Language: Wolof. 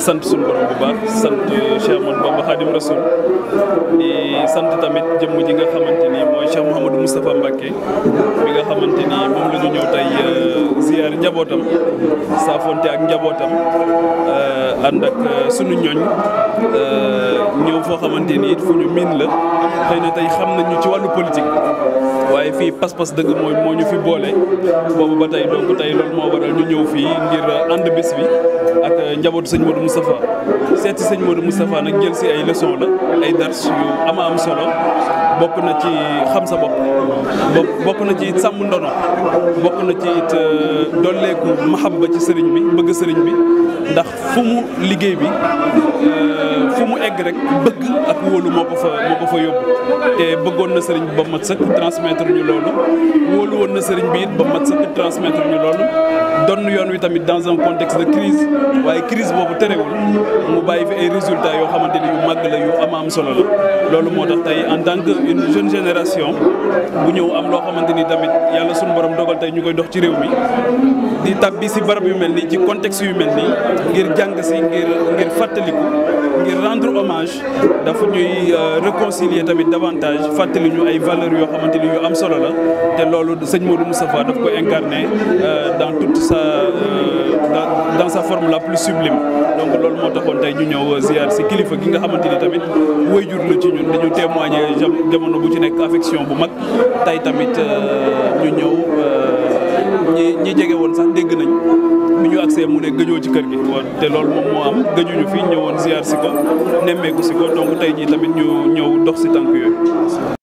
sant suñu borom bu baax sant Cheikh Ahmadou Bamba Khadim Rasoul sant tamit jëmm ji nga xamante ni mooy Cheikh Mouhamadou Moustapha Mbacké bi nga xamante moom la ñu ñëw tey euh, ziyaar njabootam saafonte ak njabootam euh, ànd ak euh, sunu ñooñ ñëw foo xamante ni fu ñu miin la xëy na tey xam nañu ci wàllu politique waaye fii pas-pas dëgg mooy moo ñu fi boole boobu ba tey donc tey moo waral ñu ñëw fii ngir ànd bés bi ak euh, njabootu sëñ Modou Moustapha seeti sëñ Modou Moustapha nag jël si ay leçon la ay dars yu ama am solo bokk na ci xam sa bopp na ci it sàmm ndono bokk na ci it euh, dolleeku mahabba ci sëriñ bi bëgg sëriñ bi ndax fu mu liggéey bi euh, fi mu egg rek bëgg ak wóolu moo ko fa moo ko fa yóbbu te bëggoon na sëriñ bi ba mat sëkk transmettre ñu loolu wóolu woon na sëriñ bi it ba mat sëkk transmettre ñu loolu donn yoon wi tamit dans un contexte de crise waaye crise boobu terewul mu bàyyi fi ay résultats yoo xamante ni yu mag la yu ama am solo la loolu moo tax tey en tant que une jeune génération bu ñëw am loo xamante ni tamit yàlla suñu borom dogal tey ñu koy dox ci réew mi di tàbbi si barab yu mel nii ci contexte yu mel nii ngir jàng si ngir rendre hommage dafa ñuy euh, réconcilier tamit davantage fàttali ñu ay valeurs yoo xamante ni yu am solo la te loolu sëñ Modou Moustapha daf ko incarné euh, dans toute sa euh, dans sa forme la plus sublime donc loolu moo taxoon tey ñu ñëw ziar si kilifa ki nga xamante ni tamit wayjur la ci ñun dañu témoigner jamono bu ci nekk affection bu mag tey tamit ñu ñëw ñi ñi jege woon sax dégg nañ gisee mu ne gëjoo ci kër gi te loolu moom moo am gëjuñu fi ñëwoon ziar si ko nemmeeku si ko donc tey jii tamit ñu ñëw dox si tànk yooyu